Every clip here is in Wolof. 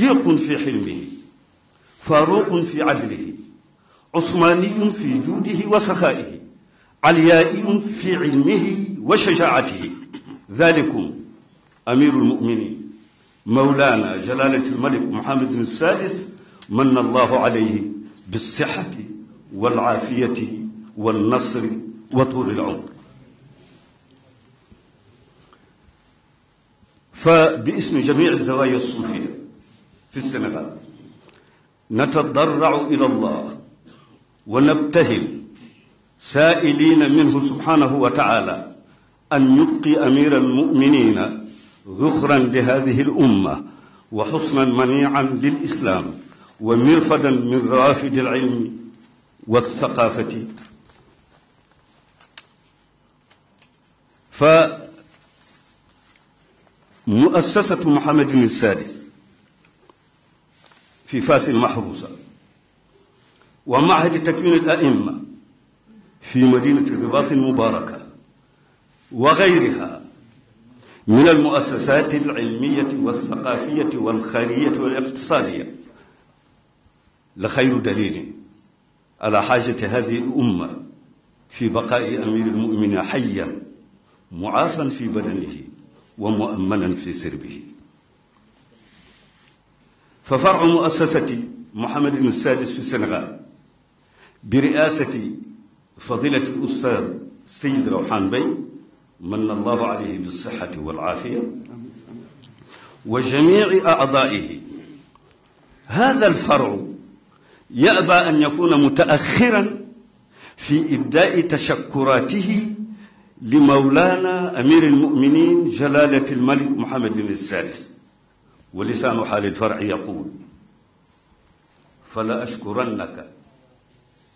صديق في حلمه فاروق في عدله عثماني في جوده وسخائه عليائي في علمه وشجاعته ذلكم أمير المؤمنين مولانا جلالة الملك محمد السادس من الله عليه بالصحة والعافية والنصر وطول العمر فباسم جميع الزوايا الصوفية في السنغال نتضرع إلى الله ونبتهل سائلين منه سبحانه وتعالى أن يبقي أمير المؤمنين ذخرا لهذه الأمة وحصنا منيعا للإسلام ومرفدا من رافد العلم والثقافة فمؤسسة محمد السادس في فاس المحروسة ومعهد تكوين الأئمة في مدينة الرباط المباركة وغيرها من المؤسسات العلمية والثقافية والخيرية والاقتصادية لخير دليل على حاجة هذه الأمة في بقاء أمير المؤمنين حيا معافا في بدنه ومؤمنا في سربه ففرع مؤسسة محمد بن السادس في السنغال برئاسة فضيلة الأستاذ سيد روحان بي من الله عليه بالصحة والعافية وجميع أعضائه هذا الفرع يأبى أن يكون متأخرا في إبداء تشكراته لمولانا أمير المؤمنين جلالة الملك محمد بن السادس ولسان حال الفرع يقول فلأشكرنك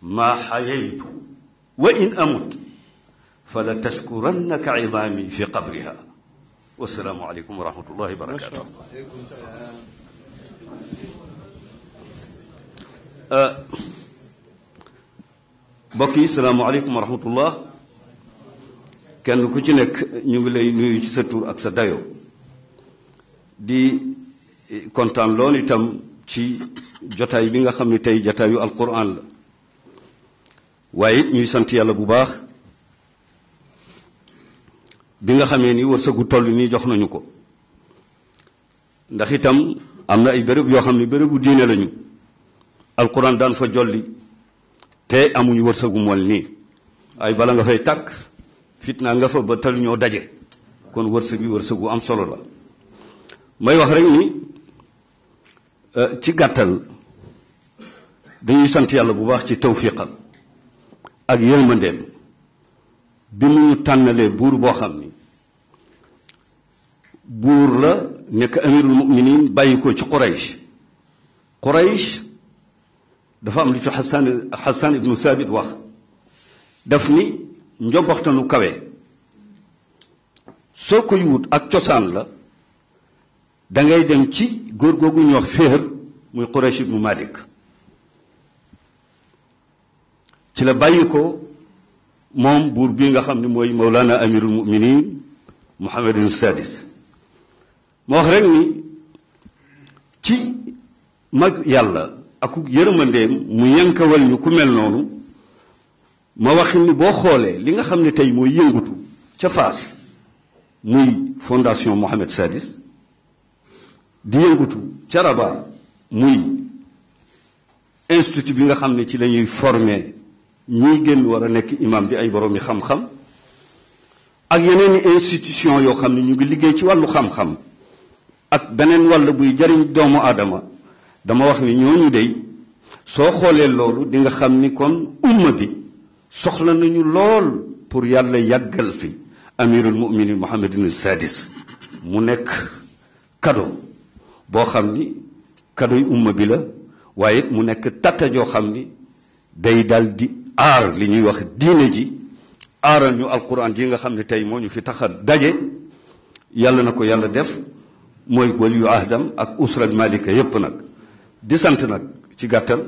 ما حييت وإن أمت فلتشكرنك عظامي في قبرها والسلام عليكم ورحمة الله وبركاته أه السلام عليكم ورحمة الله كان kenn ku ci nekk ñu ngi lay kontaan lool itam ci jotaay bi nga xam ni tey jotaayu alquran la waaye ñuy sant yàlla bu baax bi nga xamee ni wërsëgu toll nii jox nañu ko ndax itam am na ay bërëb yoo xam ne bérébu diine lañu al alquran daan fa jolli te amuñu wërsëgu mool nii ay bala nga fay tàkk fitna nga fa ba tal ñoo daje kon wërsëg bi wërsëgu am solo la may wax rek ni ci gàttal dañuy sant yàlla bu baax ci tawfiqam ak yërmandeem bi mu ñu tànnalee buur boo xam ni buur la nekk amirul muminin bàyyi ko ci quraysh quraysh dafa am lu ci xasan xasan ibnu thabit wax daf ni njombaxtanu kawe soo koy wut ak cosaan la dangay dem ci góor googu ñuy wax féer muy Quraysh mu Malik ci la bàyyi ko moom buur bii nga xam ne mooy Mawlana amirul muminin Muhammadin Sadis moo wax rek ni ci mag yàlla ak yërmandeem mu yankawal ñu ku mel noonu ma wax ni boo xoolee li nga xam ne tey mooy yëngutu ca Faas muy fondation Mohamed Sadis diyangutu ca Rabat muy institut bi nga xam ne ci la ñuy formé ñiy génn war a nekk imam bi ay boroomi xam-xam ak yeneen i institution yoo xam ne ñu ngi liggéey ci wàllu xam-xam ak beneen wàll buy jariñ doomu aadama dama wax ni ñooñu day soo xoolee loolu di nga xam ni kon umma bi soxla nañu lool pour yàlla yàggal fi amirul muminin muhammadin sadis mu nekk cadeau boo xam ni kadoy umma bi la waaye it mu nekk tata joo xam ni day dal di aar li ñuy wax diine ji aaral ñu alquran ji nga xam ne tey moo ñu fi tax a daje yàlla na ko yàlla def mooy waliyu ahdam ak usral malika yépp nag di sant nag ci gàttal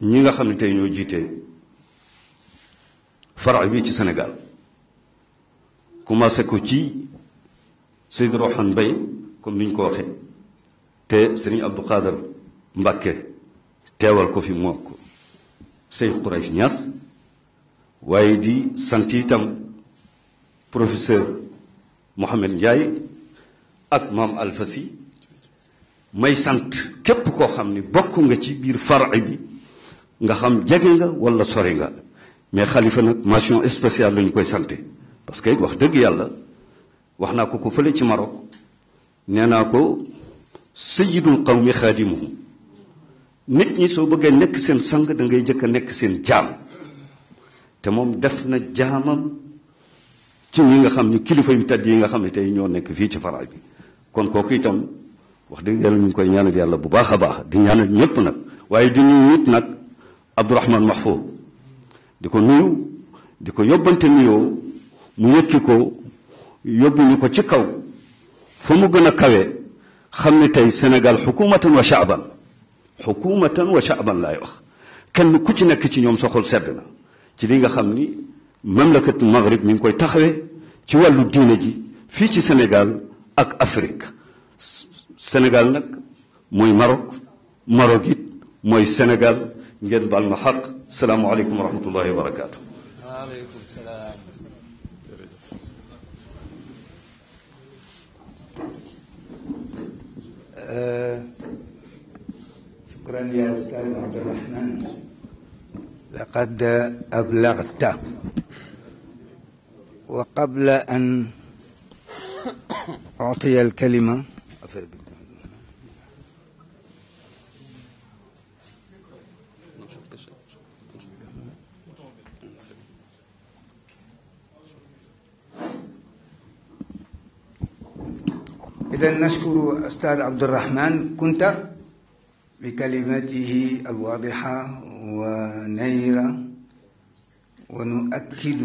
ñi nga xam ne tey ñoo jiitee fara bi ci Sénégal commencé ko ci Seydou Roxane Mbaye comme ni ñu ko waxee te sëriñ Abdou Khader Mbacke teewal ko fi mu wax ko sëñ Khouraychi waaye di sant itam professeur Mohamed njaay ak maam alfasi may sant képp koo xam ni bokk nga ci biir faraay bi nga xam jege nga wala sori nga mais xalifa nag mention spéciale la koy sante parce que wax dëgg yàlla wax naa ko ko fële ci Maroc. nee naa ko sayidul qawmi xaadimuhum nit ñi soo bëggee nekk seen sang da ngay jëkk nekk seen jaam te moom def na jaamam ci ñi nga xam ne kilifa yu tedd yi nga xam ne ñoo nekk fii ci faraaj bi kon kooku itam wax dëgg yàlla ñu koy ñaanal yàlla bu baax baax di ñaanal ñëpp nag waaye di nuyu nit nak, abdourahman mahfoud di ko nuyu di ko yóbbante nuyoo mu yëkki ko yóbbu ñu ci kaw فمغنا كاوي خمتي سنغال حكومة وشعبا حكومة وشعبا لا يخ كان كوتشنا كيتشن يوم سوخول سابنا تلينغا خمني مملكة المغرب من كوي تخوي تيوالو الدين في تي سنغال اك افريك سنغال نك موي ماروك ماروكيت موي سنغال نجد بالمحق السلام عليكم ورحمة الله وبركاته آه، شكرا يا أستاذ عبد الرحمن لقد أبلغت وقبل أن أعطي الكلمة إذا نشكر أستاذ عبد الرحمن كنت بكلماته الواضحة ونيرة ونؤكد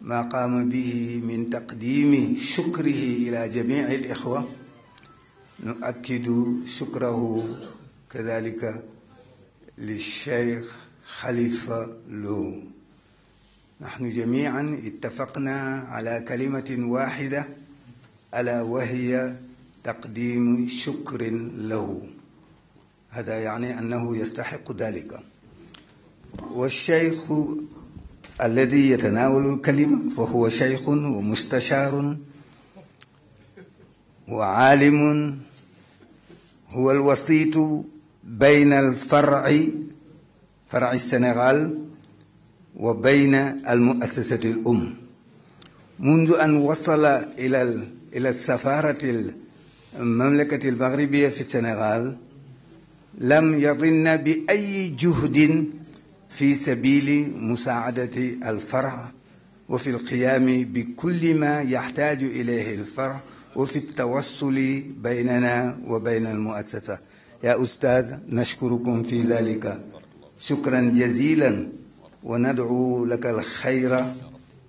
ما قام به من تقديم شكره إلى جميع الإخوة نؤكد شكره كذلك للشيخ خليفة لو نحن جميعا اتفقنا على كلمة واحدة ألا وهي تقديم شكر له هذا يعني أنه يستحق ذلك والشيخ الذي يتناول الكلمة فهو شيخ ومستشار وعالم هو الوسيط بين الفرع فرع السنغال وبين المؤسسة الأم منذ أن وصل إلى إلى السفارة المملكة المغربية في السنغال لم يضن بأي جهد في سبيل مساعدة الفرع وفي القيام بكل ما يحتاج إليه الفرع وفي التوصل بيننا وبين المؤسسة يا أستاذ نشكركم في ذلك شكرا جزيلا وندعو لك الخير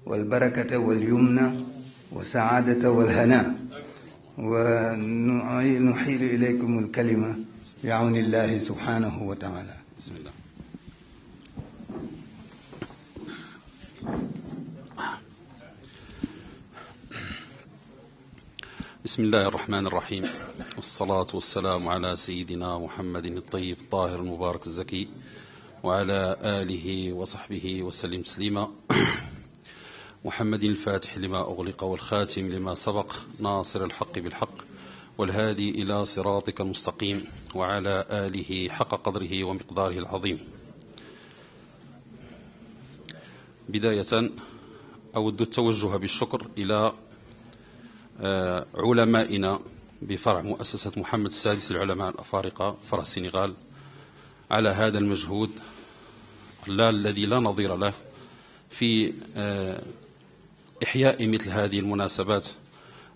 والبركة واليمنى والسعادة والهناء ونحيل إليكم الكلمة بعون الله سبحانه وتعالى بسم الله بسم الله الرحمن الرحيم والصلاة والسلام على سيدنا محمد الطيب الطاهر المبارك الزكي وعلى آله وصحبه وسلم تسليما محمد الفاتح لما أغلق والخاتم لما سبق ناصر الحق بالحق والهادي إلى صراطك المستقيم وعلى آله حق قدره ومقداره العظيم بداية أود التوجه بالشكر إلى آه، علمائنا بفرع مؤسسة محمد السادس للعلماء الأفارقة فرع السنغال على هذا المجهود لا الذي لا نظير له في آه، إحياء مثل هذه المناسبات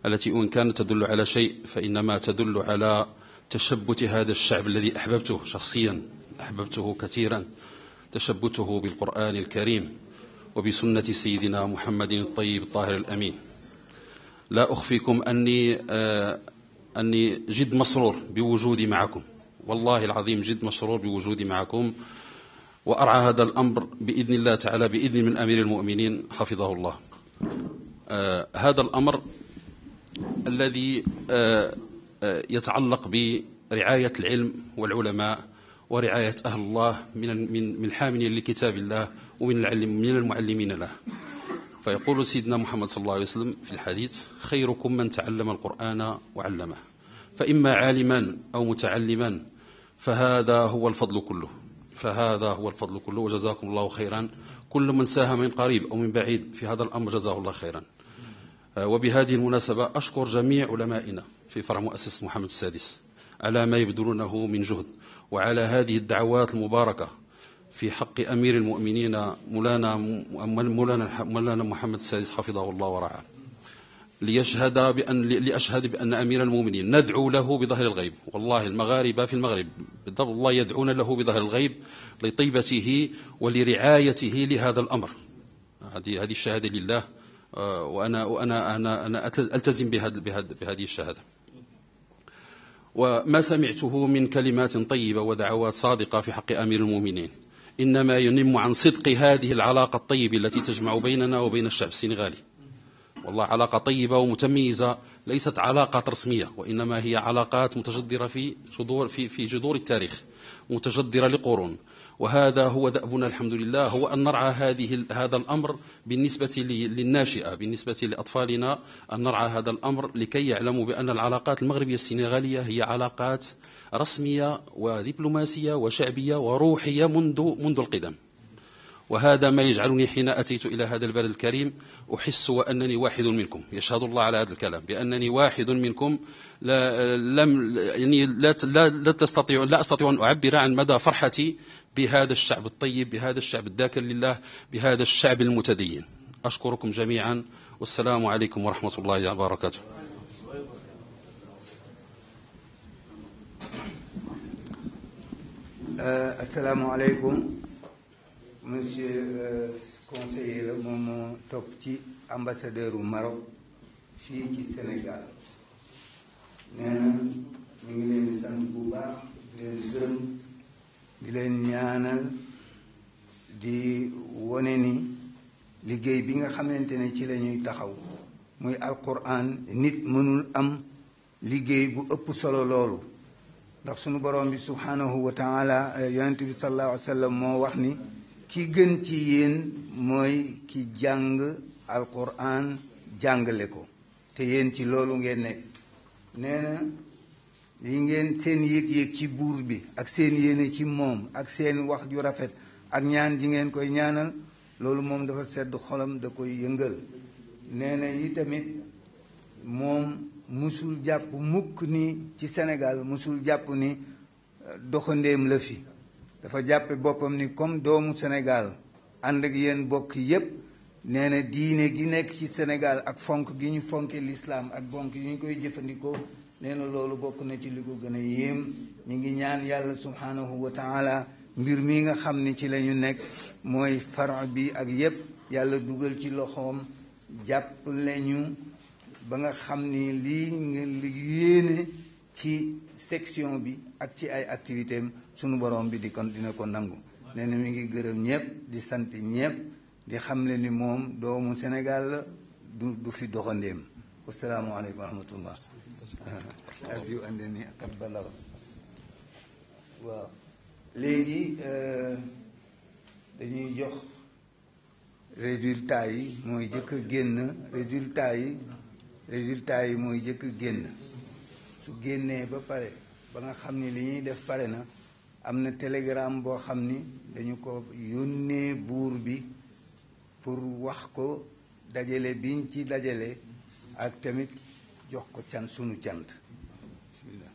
التي إن كانت تدل على شيء فإنما تدل على تشبت هذا الشعب الذي أحببته شخصيا أحببته كثيرا تشبته بالقرآن الكريم وبسنة سيدنا محمد الطيب الطاهر الأمين لا أخفيكم أني آه أني جد مسرور بوجودي معكم والله العظيم جد مسرور بوجودي معكم وأرعى هذا الأمر بإذن الله تعالى بإذن من أمير المؤمنين حفظه الله آه، هذا الأمر الذي آه، آه، يتعلق برعاية العلم والعلماء ورعاية أهل الله من من من حاملين لكتاب الله ومن العلم من المعلمين له فيقول سيدنا محمد صلى الله عليه وسلم في الحديث خيركم من تعلم القرآن وعلمه فإما عالما أو متعلما فهذا هو الفضل كله فهذا هو الفضل كله وجزاكم الله خيرا كل من ساهم من قريب أو من بعيد في هذا الأمر جزاه الله خيرا آه، وبهذه المناسبة أشكر جميع علمائنا في فرع مؤسسة محمد السادس على ما يبذلونه من جهد وعلى هذه الدعوات المباركة في حق أمير المؤمنين مولانا مولانا مولانا محمد السادس حفظه الله ورعاه ليشهد بأن لأشهد بأن أمير المؤمنين ندعو له بظهر الغيب والله المغاربة في المغرب بالضبط الله يدعون له بظهر الغيب لطيبته ولرعايته لهذا الأمر هذه هذه الشهادة لله آه، وأنا وأنا أنا أنا ألتزم بهذه بهذه الشهادة وما سمعته من كلمات طيبة ودعوات صادقة في حق أمير المؤمنين إنما ينم عن صدق هذه العلاقة الطيبة التي تجمع بيننا وبين الشعب السنغالي والله علاقة طيبة ومتميزة ليست علاقات رسمية وإنما هي علاقات متجدرة في جذور في في جذور التاريخ متجدرة لقرون وهذا هو دأبنا الحمد لله هو أن نرعى هذه هذا الأمر بالنسبة للناشئة بالنسبة لأطفالنا أن نرعى هذا الأمر لكي يعلموا بأن العلاقات المغربية السنغالية هي علاقات رسمية ودبلوماسية وشعبية وروحية منذ منذ القدم وهذا ما يجعلني حين أتيت إلى هذا البلد الكريم أحس وأنني واحد منكم يشهد الله على هذا الكلام بأنني واحد منكم لا لم يعني لا لا, لا تستطيع لا أستطيع أن أعبر عن مدى فرحتي بهذا الشعب الطيب بهذا الشعب الذاكر لله بهذا الشعب المتدين أشكركم جميعا والسلام عليكم ورحمة الله وبركاته آه، السلام عليكم monsieur euh, conseiller moom moo topp ci ambassadeur u Maroc fii ci Sénégal nee na ngi leen di bu baax di leen gërëm di leen ñaanal di wone ni liggéey bi nga xamante ne ci lañuy taxaw muy alquran nit mënul am liggéey bu ëpp solo loolu ndax sunu borom bi subhanahu wa yonent bi sallallahu alayhi moo wax ni ci gën ci yéen mooy ki jàng alquran jàngale ko te yéen ci loolu ngeen nekk nee li ngeen seen yëg-yëg ci buur bi ak seen yéene ci moom ak seen wax ju rafet ak ñaan ji ngeen koy ñaanal loolu moom dafa sedd xolam da koy yëngal nee na yi tamit moom musul jàpp mukk ni ci senegal musul jàpp ni doxandeem la fi dafa jàppe boppam ni comme doomu Sénégal ànd ak yéen bokk yépp nee na diine gi nekk ci Sénégal ak fonk gi ñu fonke lislaam ak bonk yi ñu koy jëfandikoo nee na loolu bokk na ci li ko gën a yéem ñu ngi ñaan yàlla subhanahu wa taala mbir mi nga xam ni ci la ñu nekk mooy fara bi ak yépp yàlla dugal ci loxoom jàpp lañu ba nga xam ni lii nga yéene ci section bi ak ci ay activités sunu borom bi di kon dina ko nangu nee na mi ngi gërëm ñëpp di sant ñëpp di xamle ni mom doomu Sénégal la du du fi doxandeem wasalaamualeykum wa rahmatullah ak yu ande ni ak balaw waaw léegi euh, dañuy jox résultat yi mooy jëkk a résultat yi résultat yi su génnee ba pare ba nga xam li ñuy def pare na am na télégramme boo xam ni dañu ko yónnee buur bi pour wax ko dajale biñ ci dajale ak tamit jox ko can sunu cant bismillah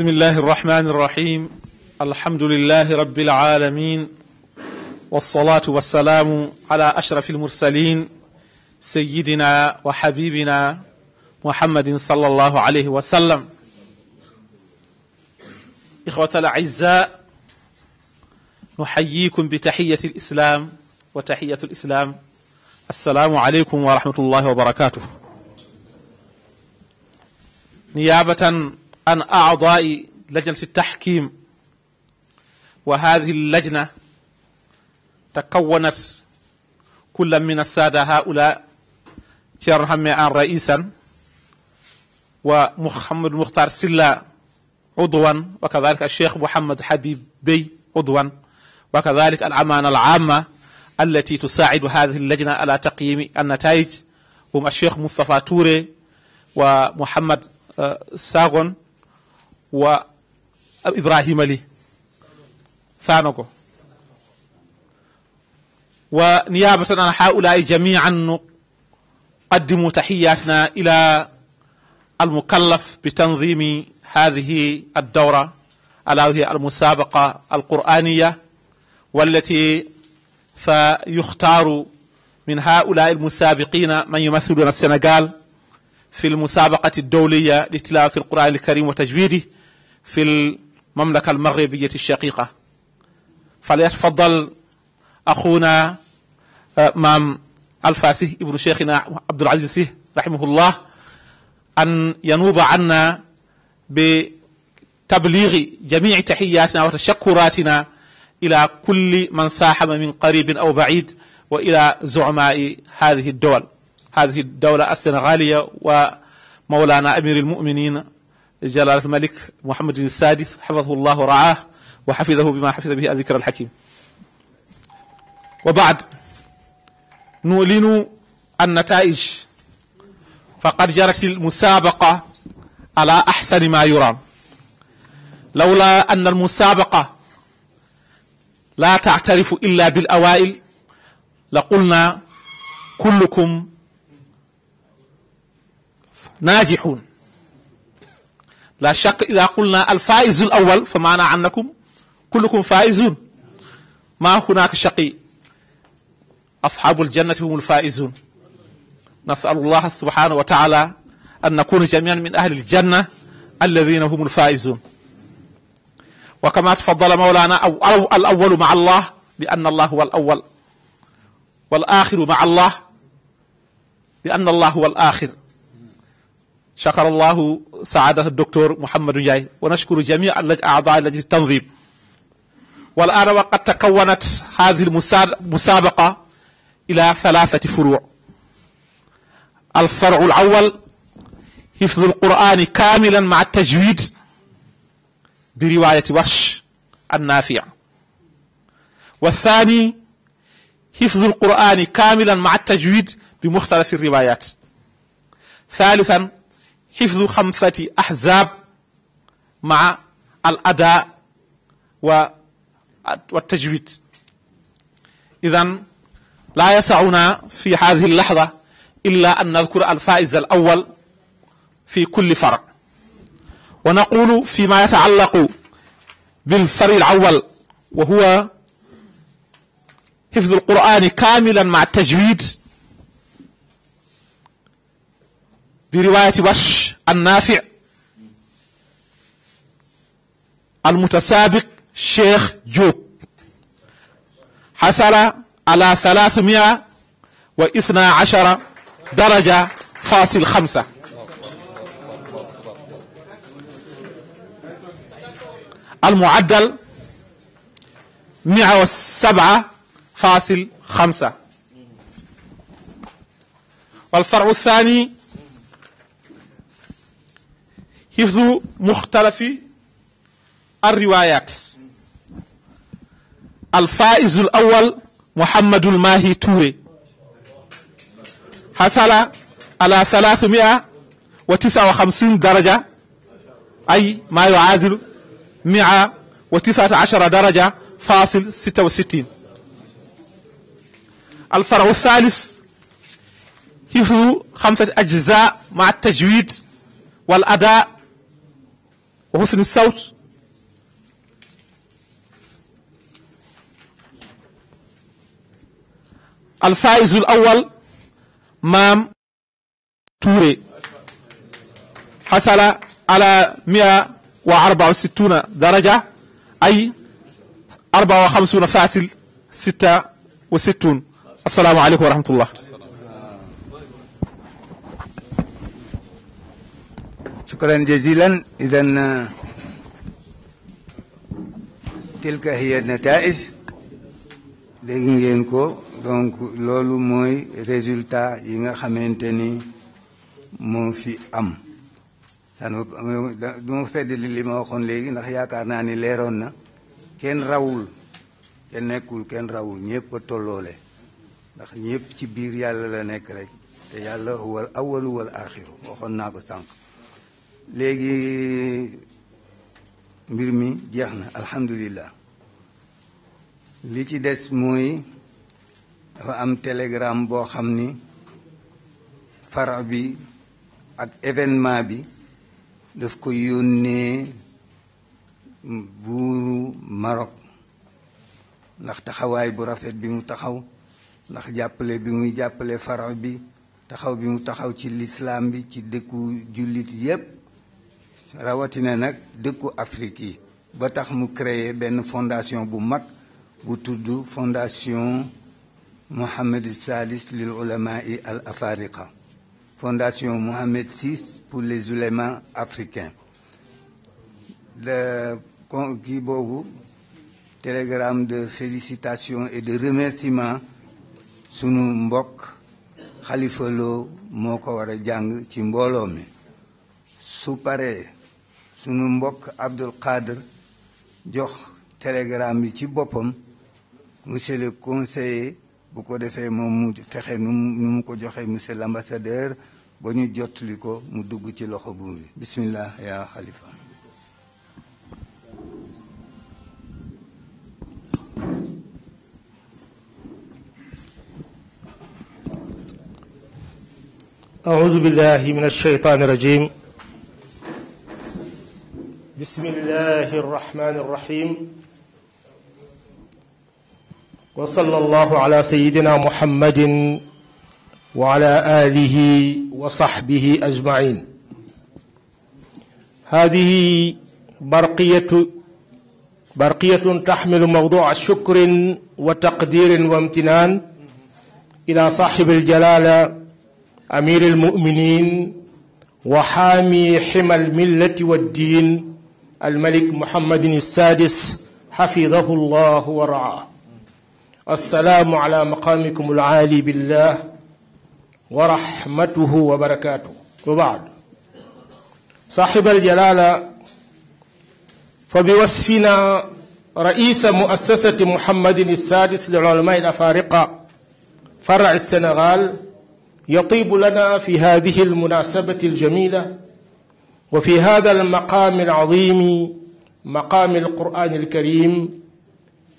بسم الله الرحمن الرحيم الحمد لله رب العالمين والصلاة والسلام على أشرف المرسلين سيدنا وحبيبنا محمد صلى الله عليه وسلم إخوة الأعزاء نحييكم بتحية الإسلام وتحية الإسلام السلام عليكم ورحمة الله وبركاته نيابة عن أعضاء لجنة التحكيم وهذه اللجنة تكونت كل من السادة هؤلاء شير هميان رئيسا ومحمد مختار سلا عضوا وكذلك الشيخ محمد حبيب بي عضوا وكذلك الأمانة العامة التي تساعد هذه اللجنة على تقييم النتائج هم الشيخ مصطفى توري ومحمد آه، ساغون و ابراهيم لي saano ko wa niyabatan an haulai jamian nuqaddimu المكلف بتنظيم هذه الدورة ألا وهي المسابقة القرآنية والتي سيختار من هؤلاء المسابقين من يمثلون السنغال في المسابقة الدولية لتلاوة القرآن الكريم وتجويده في المملكة المغربية الشقيقة فليتفضل أخونا آه، مام الفاسي ابن شيخنا عبد العزيز رحمه الله أن ينوب عنا بتبليغ جميع تحياتنا وتشكراتنا إلى كل من ساحب من قريب أو بعيد وإلى زعماء هذه الدول هذه الدولة السنغالية ومولانا أمير المؤمنين جلالة الملك محمد السادس حفظه الله ورعاه وحفظه بما حفظ به الذكر الحكيم وبعد نعلن النتائج فقد جرت المسابقة على أحسن ما يرام لولا أن المسابقة لا تعترف إلا بالأوائل لقلنا كلكم ناجحون لا شك إذا قلنا الفائز الأول فمعنى أنكم كلكم فائزون ما هناك شقي أصحاب الجنة هم الفائزون نسأل الله سبحانه وتعالى أن نكون جميعا من أهل الجنة الذين هم الفائزون وكما تفضل مولانا أو الأول مع الله لأن الله هو الأول والآخر مع الله لأن الله هو الآخر شكر الله سعادة الدكتور محمد جاي ونشكر جميع أعضاء لجنة التنظيم والآن وقد تكونت هذه المسابقة إلى ثلاثة فروع الفرع الأول حفظ القرآن كاملا مع التجويد برواية وحش النافع والثاني حفظ القرآن كاملا مع التجويد بمختلف الروايات ثالثا حفظ خمسة أحزاب مع الأداء والتجويد إذا لا يسعنا في هذه اللحظة إلا أن نذكر الفائز الأول في كل فرع ونقول فيما يتعلق بالفرع الأول وهو حفظ القرآن كاملا مع التجويد برواية وش النافع المتسابق شيخ جوب حصل على ثلاثمائة واثنى عشر درجة فاصل خمسة المعدل مئة وسبعة فاصل خمسة والفرع الثاني حفظ مختلف الروايات الفائز الأول محمد الماهي توري حصل على 359 درجة أي ما يعادل 119 درجة فاصل 66 الفرع الثالث حفظ خمسة أجزاء مع التجويد والأداء وحسن الصوت الفائز الأول مام توري حصل على 164 درجة أي 54 فاصل 66 السلام عليكم ورحمة الله شكرا جزيلا إذا تلك هي النتائج léegi ngeen ko donc loolu mooy résultat yi nga xamante ni moo fi am sano du ma fedd li ma waxoon léegi ndax yaakaar naa ni leeroon na kenn rawul kenn nekkul kenn rawul ñëpp a tolloole ndax ñëpp ci biir yàlla la nekk rek te yàlla huwal awalu wal axiru naa ko sànq léegi mbir mi jeex na alhamdulilah li ci des mooy dafa am télégramme boo xam ni fara bi ak événement bi daf ko yónnee buuru Maroc ndax taxawaay bu rafet bi mu taxaw ndax jàppale bi muy jàppale fara bi taxaw bi mu taxaw ci lislaam bi ci dëkku jullit yépp rawatina nak deku Afrique ba tax mu créer ben fondation bu mag bu tudd fondation Mohammed Salis lil ulama et al afariqa fondation Mohammed VI pour les ulémas africains le qui boobu télégramme de félicitations et de remerciements sunu Mbok, khalifa lo moko wara jang ci mbolo mi su paré سونو مبوك عبد القادر جوخ تيليغرام بي سي بوبام مسيو لو كونساي بو كو ديفاي موم مو فخه نوم كو جوخي مسيو لامباسادور با ني جوت ليكو مو دوغ سي لوخو بومي بسم الله يا خليفه أعوذ بالله من الشيطان الرجيم بسم الله الرحمن الرحيم وصلى الله على سيدنا محمد وعلى آله وصحبه أجمعين هذه برقية برقية تحمل موضوع شكر وتقدير وامتنان إلى صاحب الجلالة أمير المؤمنين وحامي حمى الملة والدين الملك محمد السادس حفظه الله ورعاه السلام على مقامكم العالي بالله ورحمته وبركاته وبعد صاحب الجلالة فبوصفنا رئيس مؤسسة محمد السادس للعلماء الأفارقة فرع السنغال يطيب لنا في هذه المناسبة الجميلة وفي هذا المقام العظيم مقام القرآن الكريم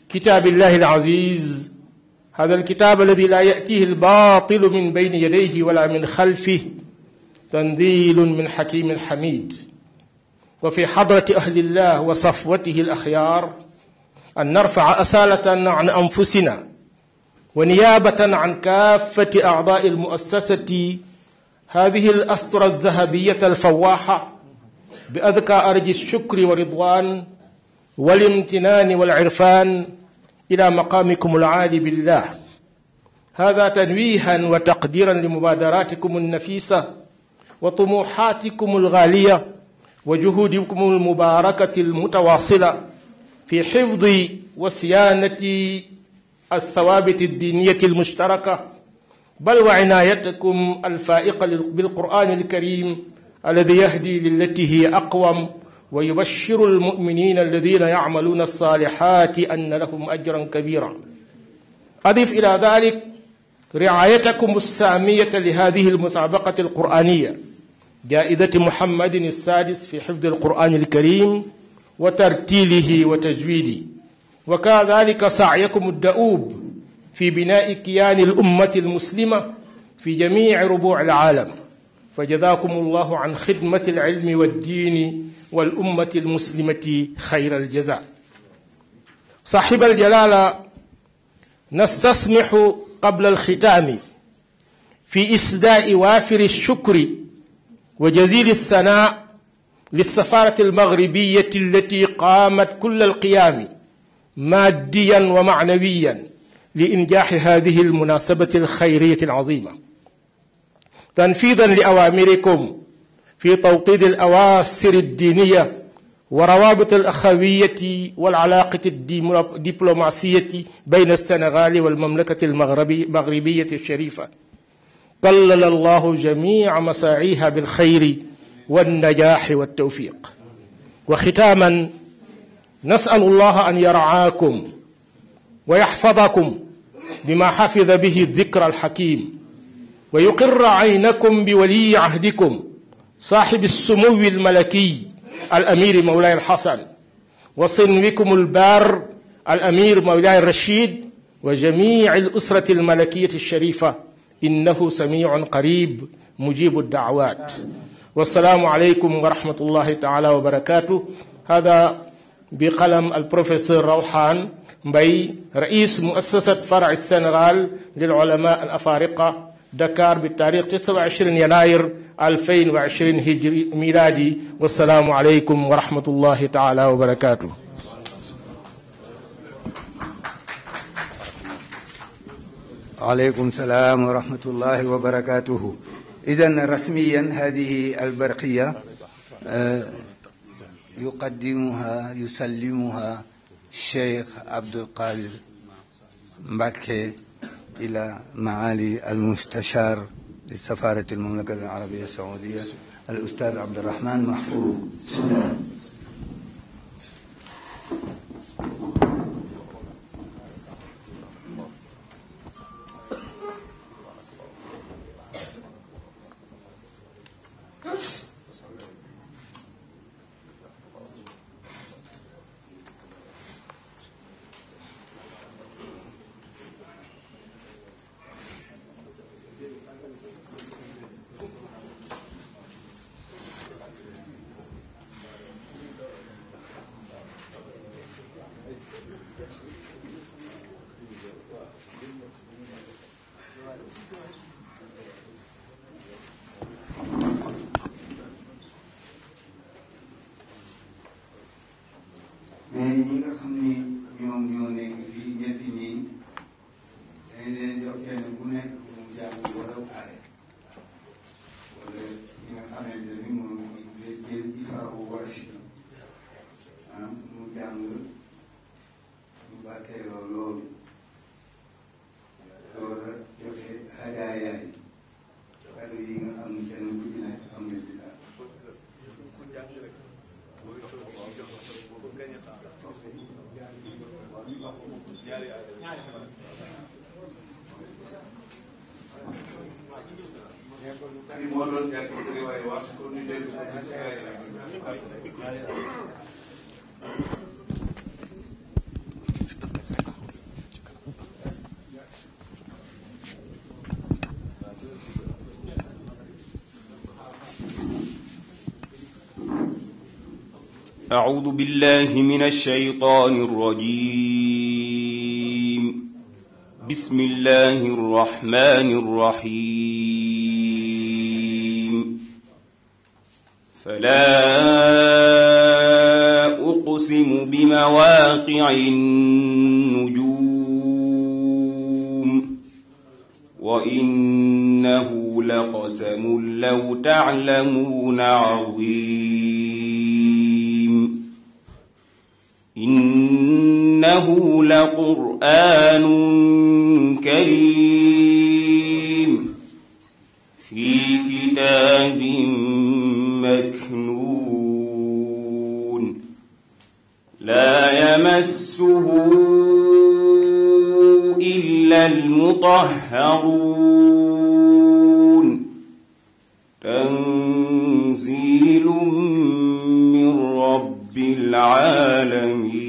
كتاب الله العزيز هذا الكتاب الذي لا يأتيه الباطل من بين يديه ولا من خلفه تنزيل من حكيم حميد وفي حضرة أهل الله وصفوته الأخيار أن نرفع أسالة عن أنفسنا ونيابة عن كافة أعضاء المؤسسة هذه الأسطرة الذهبية الفواحة بأذكى أرج الشكر ورضوان والامتنان والعرفان إلى مقامكم العالي بالله هذا تنويها وتقديرا لمبادراتكم النفيسة وطموحاتكم الغالية وجهودكم المباركة المتواصلة في حفظ وصيانة الثوابت الدينية المشتركة بل وعنايتكم الفائقة بالقرآن الكريم الذي يهدي للتي هي أقوم ويبشر المؤمنين الذين يعملون الصالحات أن لهم أجرا كبيرا أضف إلى ذلك رعايتكم السامية لهذه المسابقة القرآنية جائزة محمد السادس في حفظ القرآن الكريم وترتيله وتجويده وكذلك سعيكم الدؤوب في بناء كيان الأمة المسلمة في جميع ربوع العالم فجزاكم الله عن خدمة العلم والدين والأمة المسلمة خير الجزاء صاحب الجلالة نستسمح قبل الختام في إسداء وافر الشكر وجزيل الثناء للسفارة المغربية التي قامت كل القيام ماديا ومعنويا لإنجاح هذه المناسبة الخيرية العظيمة تنفيذا لأوامركم في توطيد الأواسر الدينية وروابط الأخوية والعلاقة الدبلوماسية بين السنغال والمملكة المغربية الشريفة قلل الله جميع مساعيها بالخير والنجاح والتوفيق وختاما نسأل الله أن يرعاكم ويحفظكم بما حفظ به الذكر الحكيم ويقر عينكم بولي عهدكم صاحب السمو الملكي الأمير مولاي الحسن وصنوكم البار الأمير مولاي الرشيد وجميع الأسرة الملكية الشريفة إنه سميع قريب مجيب الدعوات والسلام عليكم ورحمة الله تعالى وبركاته هذا بقلم البروفيسور روحان بي رئيس مؤسسة فرع السنغال للعلماء الأفارقة دكار بالتاريخ 29 يناير 2020 هجري ميلادي والسلام عليكم ورحمة الله تعالى وبركاته عليكم السلام ورحمة الله وبركاته إذا رسميا هذه البرقية يقدمها يسلمها الشيخ عبد القادر مكي إلى معالي المستشار لسفارة المملكة العربية السعودية الأستاذ عبد الرحمن محفوظ aquel que أعوذ بالله من الشيطان الرجيم بسم الله الرحمن الرحيم فلا أقسم بمواقع النجوم وإنه لقسم لو تعلمون عظيم قرآن كريم في كتاب مكنون لا يمسه إلا المطهرون تنزيل من رب العالمين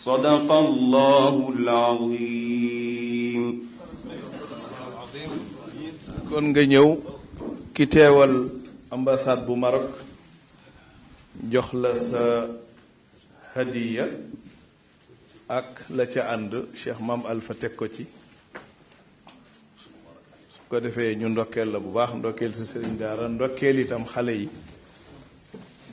sadaqallahul nga ñëw ki teewal ambassade bu Maroc jox la sa hadiya ak la ca ànd Cheikh Maam Alfa teg ko ci su ko defee ñu ndokkeel la bu baax ndokkeel si sëriñ daara ndokkeel itam xale yi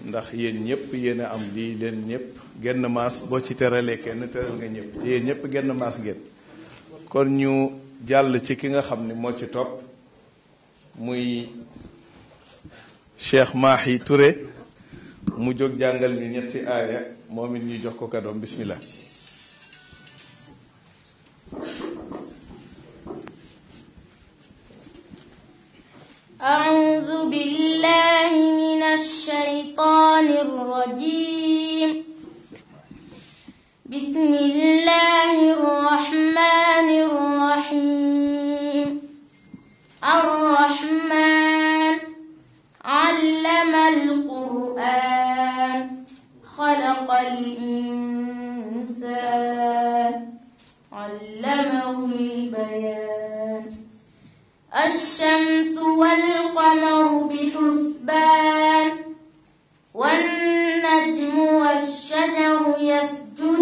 ndax yéen ñëpp yéen am lii leen ñëpp genn maas boo ci teralee kenn teral nga ñëpp ci yéen ñëpp genn maas ngeen kon ñu jàll ci ki nga xam ne moo ci topp muy cheikh maahi touré mu jóg jàngal ñu ñetti aaya moom ñu jox ko bismillah أعوذ بالله من الشيطان الرجيم بسم الله الرحمن الرحيم الرحمن علم القرآن خلق الإنسان علمه البيان الشمس والقمر بحسبان والنجم والشجر يسبحان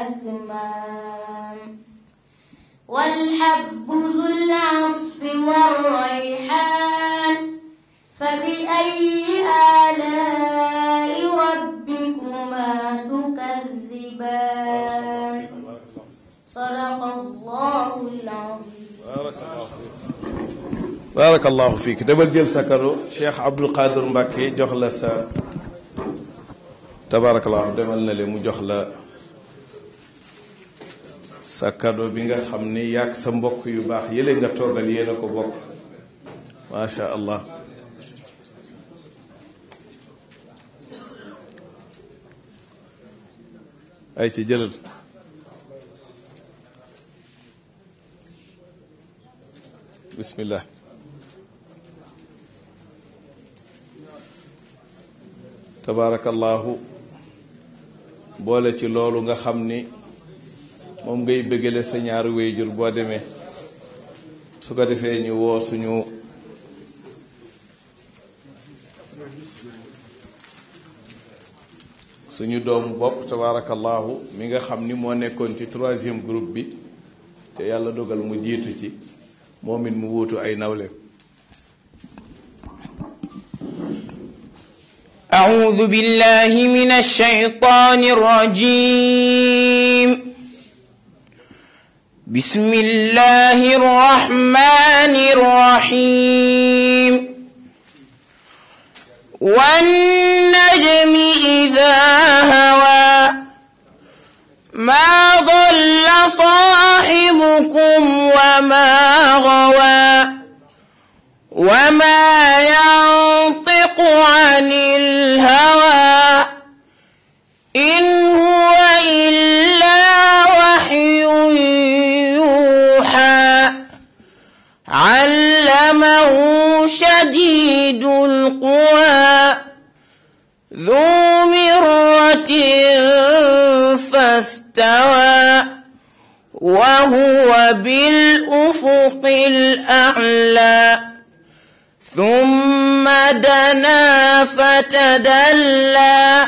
الأكمام والحب ذو العصف والريحان فبأي آلاء ربكما تكذبان صدق الله العظيم بارك الله فيك بارك الله فيك شيخ عبد القادر مبكي جخلسة تبارك الله دبل نلي مجخلسة sa cadeau bi nga xam ni yàgg sa mbokk yu baax yële nga toogal yéen a ko bokk macha allah ay ci jëlal bismillah tabarakallahu boole ci loolu nga xam ni moom ngay bëggale sa ñaari wéyjur boo demee su ko defee ñu woo suñu suñu doomu bopp tabaarakallaahu mi nga xam ni moo nekkoon ci troisième groupe bi te yàlla dogal mu jiitu ci moom mu wuutu ay nawle أعوذ بالله من الشيطان الرجيم بسم الله الرحمن الرحيم والنجم إذا هوى ما ضل صاحبكم وما غوى وما ينطق عن الهوى وهو بالأفق الأعلى ثم دنا فتدلى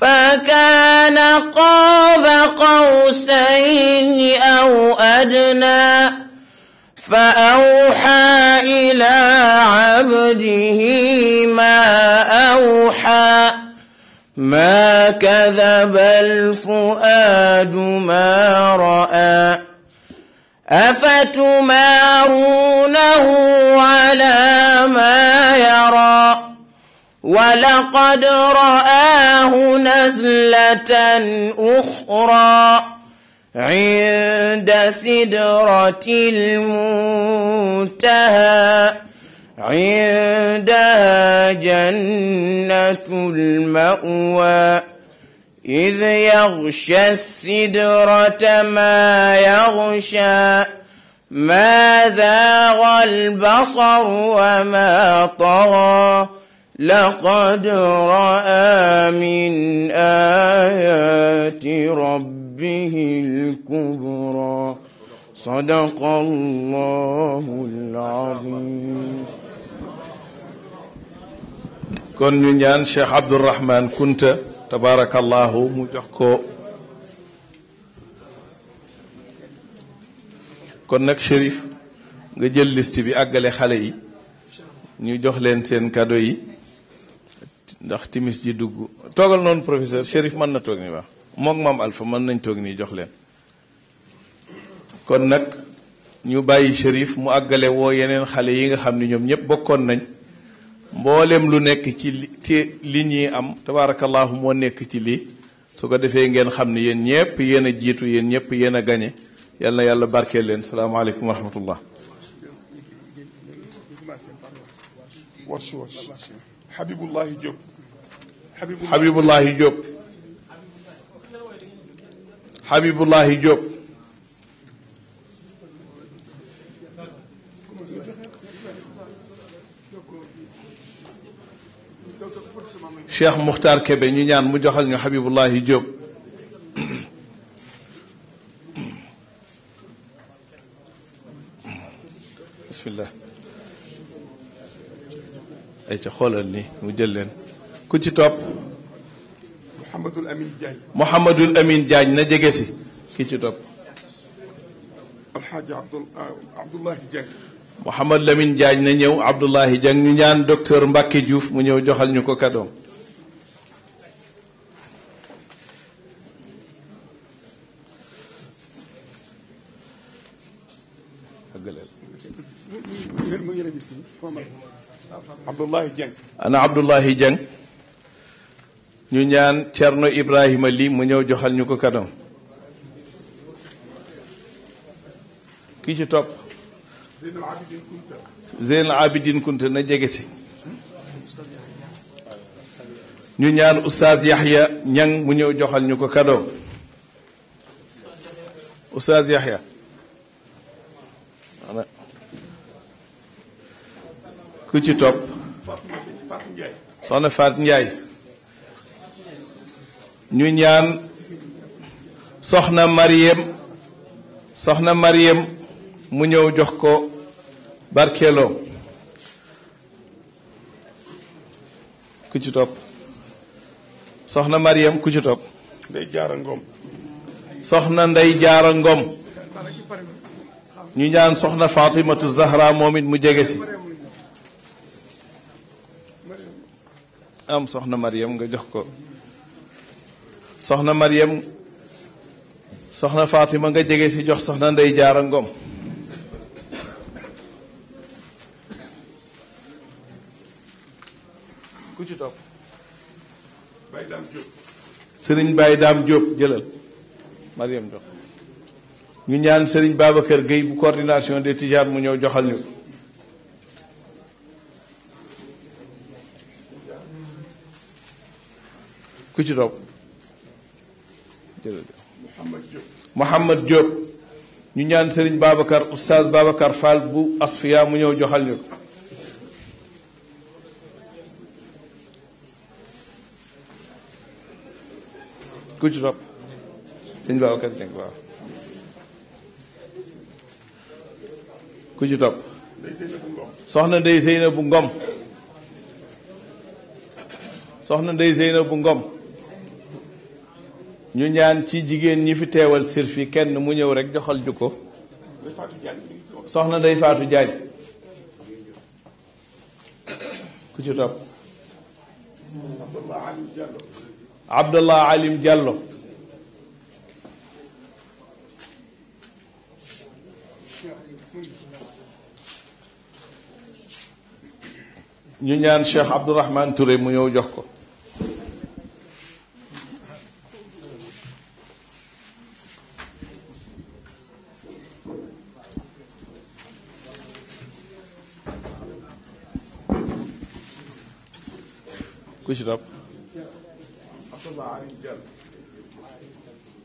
فكان قاب قوسين أو أدنى فأوحى إلى عبده ما أوحى ما كذب الفؤاد ما رأى أفتمارونه على ما يرى ولقد رآه نزلة أخرى عند سدرة المنتهى عندها جنة المأوى إذ يغشى السدرة ما يغشى ما زاغ البصر وما طغى لقد رأى من آيات ربه الكبرى صدق الله العظيم kon ñu ñaan cheikh abdourahman kunta tabarakallahu mu jox ko kon nag shérif nga jël liste bi agalé xale yi ñu jox leen seen cadeau yi ndax timis ji dugg togal non professeur shérif man na toog ni wax mok mam alfa man nañ toog jox leen kon nak ñu bàyyi shérif mu agalé wo yenen xale yi nga xamni ñom ñëpp nañ mboolem lu nekk ci li ñuy am tabarakallah moo nekk ci lii su ko defee ngeen xam ne yéen ñëpp yéen a jiitu yéen ñëpp yéen gañe yal na yàlla barkee leen salaamaaleykum wa rahmatullah warsi warsi habibullah diop habibullah diop habibullahi diop شيخ مختار كبه ني نان مو حبيب الله جوب بسم الله اي تي خولال ني مو جيل لين كو تي توب محمد الامين جاي محمد الامين جاي نا جيغي سي كي تي توب الحاج عبد عبد الله جاي Mouhamad Lamine jaañ na ñëw Abdoulahi Dieng ñu ñaan docteur Mbacke Diouf mu ñëw joxal ñu ko kadoom Abdoulahi Dieng ana Abdoulahi ñu ñaan Thierno Ibrahima Ly mu ñëw joxal ñu ko kadoom ki Zeynal Abidin Kunta na jege si ñu ñaan oustaz Yaxya ñang mu ñëw joxal ñu ko cadeau oustaz Yaxya ku ci topp soxna Faat Njaay ñu ñaan soxna Mariyem soxna Mariyem mu ñëw jox ko barkeeloo ku ci topp soxna Mariam ku ci topp ndey jaara ngom soxna ndey jaara ngom ñu ñaan soxna Fatimatu Zahra moom it mu jege si am soxna Mariam nga jox ko soxna Mariam soxna Fatima nga jege si jox soxna nday jaara ngom ku ci topp Baye Dame Diop sëriñ Baye Dame Diop jëlal Mariam jox ñu ñaan sëriñ Babacar Gueye bu coordination des Tidianes mu ñëw joxal ñu ku ci topp jërëjëf Mouhamad Diop ñu ñaan sëriñ Babacar oustaz Babacar Fall bu Asfiya mu ñëw joxal ñu ko Gujarat. Xin vào các bạn vào. Gujarat. Soxna Ndeye Seynabou Ngom. Soxna Ndeye Seynabou Ngom. ñu ñaan ci jigéen ñi fi teewal sir fi kenn mu ñëw rek joxal jukko soxna day faatu jaaj ku ci topp Abdallah Alim Diallo ñu ñaan Cheikh Abdourahmane Touré mu ñëw jox ko ku ci topp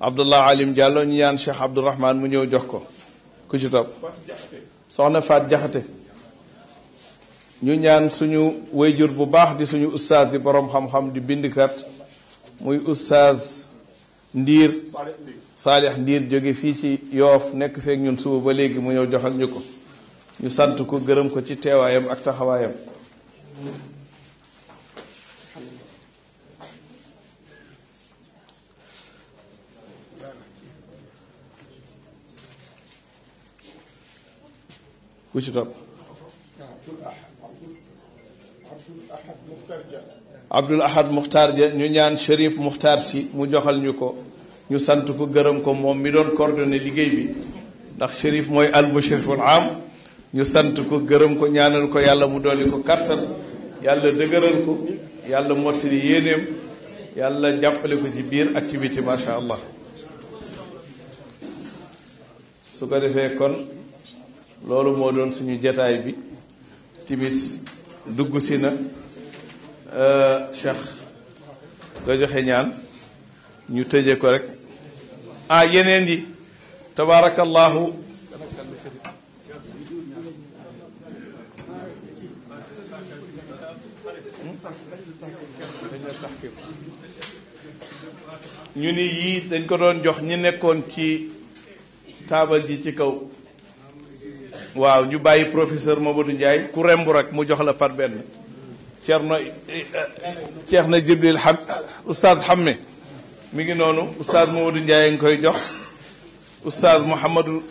Abdullah Alim Diallo ñu ñaan Cheikh Abdourahman mu ñëw jox ko ku ci topp soxna Faat Jaxate ñu ñaan suñu wayjur bu baax di suñu ustaas di borom xam-xam di bindkat muy ustaas Ndiir Saalix Ndiir jóge fii ci Yoof nekk feek ñun suba ba léegi mu ñëw joxal ñu ko ñu sant ko gërëm ko ci teewaayam ak taxawaayam ku ci topp abdul ahad muxtaar ja ñu ñaan shérif muxtaar si mu joxal ñu ko ñu sant ko gërëm ko moom mi doon coordonné liggéey bi ndax shérif mooy almushriful am ñu sant ko gërëm ko ñaanal ko yàlla mu dolli ko kàttan yàlla dëgëral ko yàlla mottali yéeneem yàlla jàppale ko ci biir activité macha allah su ko defee kon loolu moo doon suñu jataay bi timis dugg si na euh, Cheikh nga joxe ñaan ñu tëje ko rek ah yeneen yi tabaarakallaahu hmm? ñu ni yii dañ ko doon jox ñi nekkoon ci taabal ji ci kaw waaw ñu bàyyi professeur Mamadou Ndiaye ku remb rek mu jox la par benn Cerno eh, eh, Ceerno Jibril xam oustaz Xamme mi ngi noonu oustaz Mamadou Ndiaye nga koy jox oustaz Mouhamadou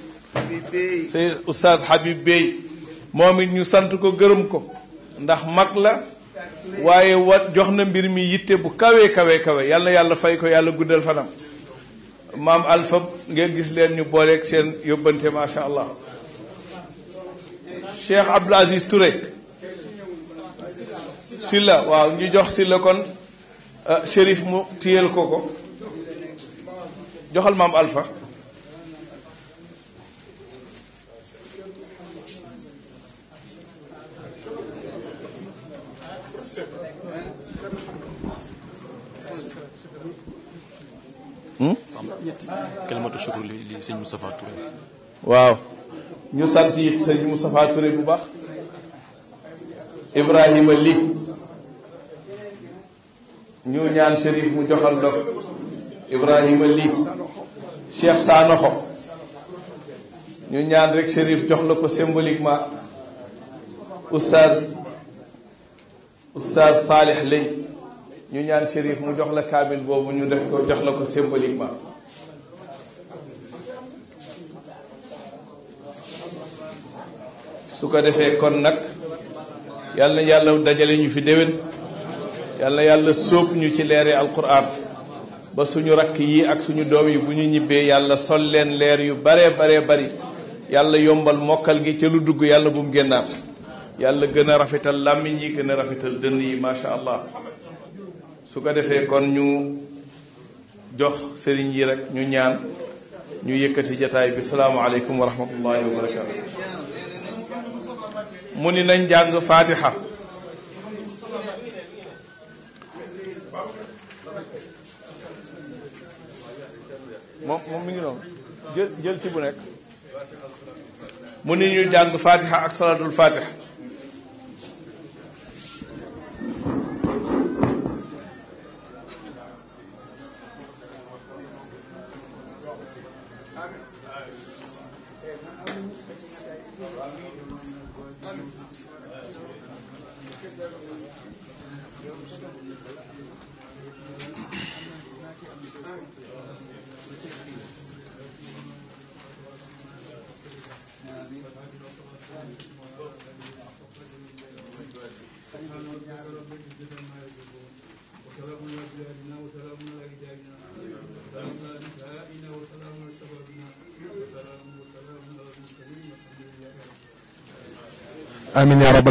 say oustaz Habib Bey moom it ñu sant ko gërëm ko ndax mag la waaye wa jox na mbir mi yitte bu kawee kawe kawe yàlla yàlla fay ko yàlla guddal fanam maam Alpha ngeen gis leen ñu booleek seen yóbbante macha allah Cheikh Abdoul Aziz Touré Silla waaw ñu jox Silla kon Chérif mu téyel ko ko joxal maam Alpha كلمة الشكر لسيد مصطفى التوري واو ñu sant it sëriñ Moustapha Touré bu baax Ibrahima Ly ñu ñaan Chérif mu joxal ndox Ibrahima Ly Cheikh Sanoxo ñu ñaan rek Chérif jox la ko symboliquement oustaz oustaz Salih Lay ñu ñaan Chérif mu jox la kaamil boobu ñu def ko jox la ko symboliquement su ko defee kon nag yàlla yàlla dajale ñu fi déwén yàlla yàlla sóob ñu ci leeri alquran ba suñu rakk yi ak suñu doom yi bu ñu ñibbee yàlla sol leen leer yu bare bare bari yàlla yombal mokkal gi ca lu dugg yàlla bu mu génnaat yàlla gën a rafetal làmmiñ yi gën a rafetal dënn yi macha allah su ko defee kon ñu jox sëriñ yi rek ñu ñaan ñu yëkkati jataay bi salaamualeykum wa rahmatullahi wa barakatu mu ni nañ jàng faatiha moom moom mi ngi noonu jël jël ci bu nekk mu ni ñuy jàng faatiha ak salaatul faatiha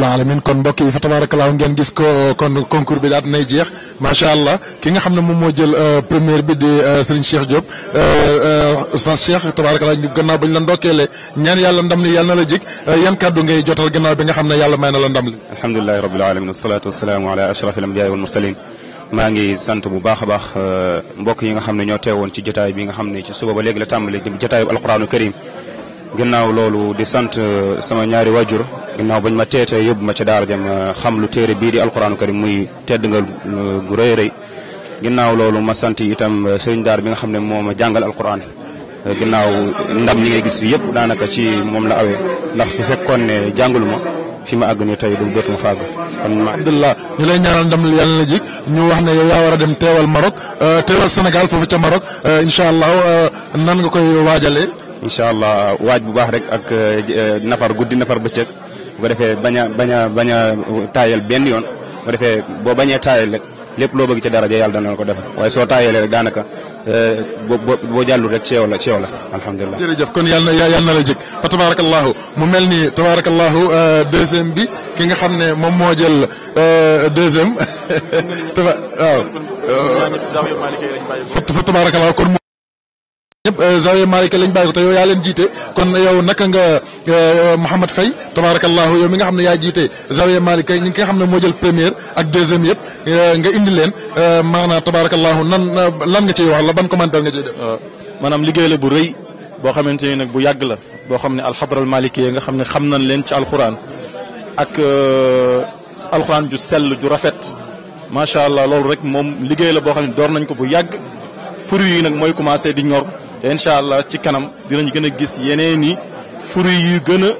rabbul alamin kon mbokk yi fa tabarakallahu ngeen gis ko kon concours bi daat nay jeex macha allah ki nga xam ne moom moo jël première bi di Serigne Cheikh Diop sa Cheikh tabarakallahu ñu gannaaw bañ la ndokkeele ñaan yàlla ndam li yàlla na la jik yan kàddu ngay jotal gannaaw bi nga xam ne yàlla may na la ndam li alhamdulilahi rabbil alamin wasalaatu wasalaamu ala ashraf al ambiya wal mursalin maa ngi sant bu baax a baax mbokk yi nga xam ne ñoo teewoon ci jotaay bi nga xam ne ci suba ba léegi la tàmbali jotaayu alquraanu karim ginnaaw loolu di sant euh, sama ñaari wajur ginnaaw bañ ma teete yóbbu ma ca daara jam xam lu téere bii di alquranu karim muy tedd nga euh, gu rëy rëy ginnaaw loolu ma sant itam euh, sëriñ daar bi nga xam ne moo ma jàngal alquran ginnaaw ndam li ngay gis fi yëpp daanaka ci moom la awee ndax su fekkoon ne jàngalu ma fi ma àgg nii tey du dootuma fàgg kon ma alhamdulilah ñu lay ñaanal ndam yàlla na jik ñu wax ne yow yaa war a dem teewal Maroc teewal Sénégal foofu ca Maroc incha allah nan nga koy waajalee ان شاء الله واج بو باخ رك اك نفر غودي نفر بيتك بو ديفه بانيا بانيا بانيا تايل بن يون بو ديفه بو بانيا تايل لك لب لو بغي تي درجه يال دانا كو ديفه واي سو تايل رك دانكا بو جالو رك سيو لا سيو لا الحمد لله جيري جيف كون يال يال نالا جيك فتبارك الله مو ملني تبارك الله دوزيام بي كيغا خامني مو مو جيل دوزيام تبارك الله زاوية مالك لين بعده تيو يالن جيتة كن يو نكنج محمد فاي تبارك الله يو مين هم نيا جيتة زاوية مالك نينك هم نموجل بريمير أكديزم يب نك إندلين ما أنا تبارك الله نن لان كتير الله بان كمان تان كتير ما نام لقي له بوري بخام نتين نك بياقلا بخام الحضر المالك ينك هم نخمن لينش القرآن أك القرآن جو سل جو رافيت ما شاء الله لول موم مم لقي له بخام دورنا نك بياق فريق نك ماي كمان سيدنيور te allah ci kanam dinañ gën a gis yeneen i fruits yi gën a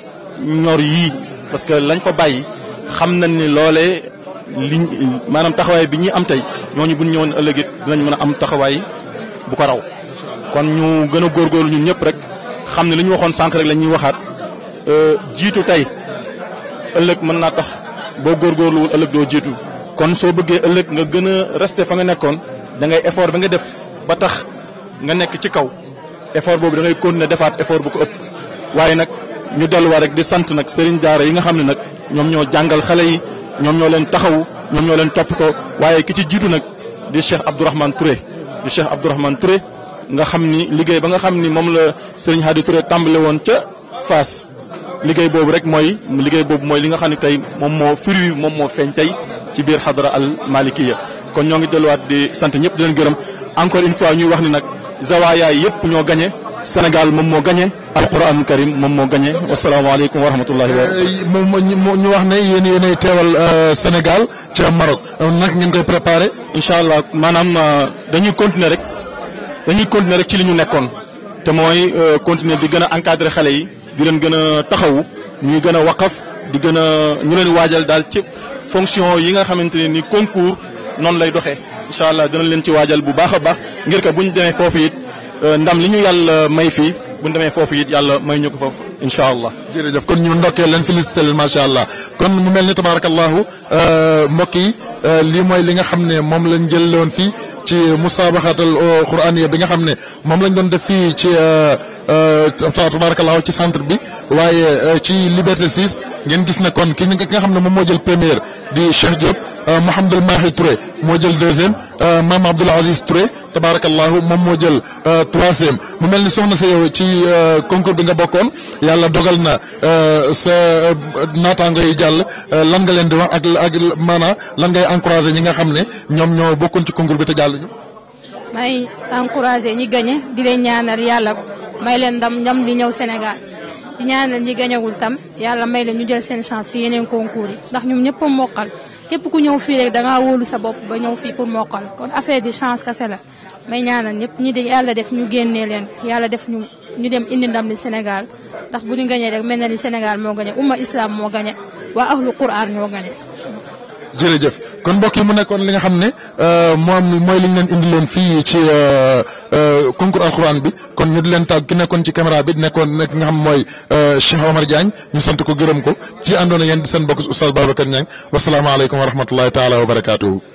ñor yii parce que lañ fa bàyyi xam nañ ni loole liñ maanaam taxawaay bi ñuy am tey ñooñu bu ñu ñëwoon ëllëg it dinañ mën a am taxawaay bu ko raw. kon ñu gën a góorgóorlu ñun ñëpp rek xam ne li ñu waxoon sànq rek la ñuy waxaat euh, jiitu tey ëllëg mën naa tax boo góorgóorluwul ëllëg doo jiitu. kon soo bëggee ëllëg nga gën a resté fa nga nekkoon da ngay effort bi nga def ba tax nga nekk ci kaw. effort boobu da ngay continuer defaat effort bu ko ëpp waaye nag ñu delluwaat rek di sant nag sëriñ daara yi nga xam ne nag ñoom ñoo jàngal xale yi ñoom ñoo leen taxaw ñoom ñoo leen toppatoo waaye ki ci jiitu nag di Cheikh Abdourahmane Touré di Cheikh Abdourahmane Touré nga xam ni liggéey ba nga xam ni moom la sëriñ Hadi Touré tàmbale woon ca fas liggéey boobu rek mooy liggéey boobu mooy li nga xam ne tey moom moo fruit moom moo feeñ tey ci biir xadara al malikiya kon ñoo ngi delluwaat di sant ñëpp di gërëm encore fois ñuy wax ni nag zawaaya yëpp ñoo gañee Sénégal moom moo gañee gañe alquran karim moom moo gañe wasalaamaaleykum wa rahmatullahi wa eh, ñu wax ne yéen yéenay teewal euh, Sénégal ca Maroc euh, nag ngeen koy préparé incha allah maanaam euh, dañuy continuer rek dañuy continuer rek ci li ñu nekkoon te mooy continuer di gën a encadrer xale yi di leen gën a taxawu ñuy gën a waqaf di gën a ñu leen waajal daal ci fonction yi nga xamante ne ni concours noonu lay doxee incha allah dinañ leen ci waajal bu baax a baax ngir que buñ demee foofu it ndam li ñu yàlla may fii buñ demee foofu it yàlla may ñu ko foofu incha allah. jërëjëf kon ñu ndokkee leen félicité leen macha allah kon mu mel ni tabaarakallahu mbokk yi lii mooy li nga xam ne moom lañ jëlee woon fii. ci musaabaxatal quraaniya bi nga xam ne moom lañ doon def fi ci euh, euh, tabaarakallaahu ci centre bi waaye euh, ci Liberté 6 ngeen gis na kon ki nga xam ne moom moo jël première di Cheikh Diop Mouhamadul Mahi Touré moo jël deuxième Mame Abdoul Aziz Touré tabaarakallaahu moom moo jël troisième mu mel ni soxna sa yow ci concours bi nga bokkoon yalla dogal na sa naataango yi jàll lan nga leen di wax ak ak maanaam lan ngay encouragé ñi nga xam ne ñoom ñoo bokkoon ci concours bi te jàll. may encouragé ñi gañe di leen ñaanal yàlla may leen ndam ndam li ñëw Sénégal di ñaanal ñi gañewul tam yàlla may leen ñu jël seen chance si yeneen concours yi ndax ñun ñëpp a mokkal képp ku ñëw fii rek dangaa wóolu sa bopp ba ñëw fii pour mokal kon affaire di chance kese la may ñaanal ñëpp ñi di yàlla def ñu génnee leen yàlla def ñu ñu dem indi ndam li Sénégal ndax bu ñu gañee rek mel na ni Sénégal moo gañe umma islam moo gañe waa ahlu Qur'an ñoo gañe jërëjëf kon mbokk yi mu nekkoon li nga xam ne euh, moom mooy leen ñu leen indiloon fii ci euh, euh, concours alxuraan bi kon ñu di leen tàgg ki nekkoon ci caméra bi nekkoon nekk nga xam mooy Cheikh Omar Diagne ñu sant ko gërëm ko ci àndoona yéen di seen mbokk Oustaz Babacar Niang wasalaamaaleykum wa rahmatullahi taala wa barakaatuhu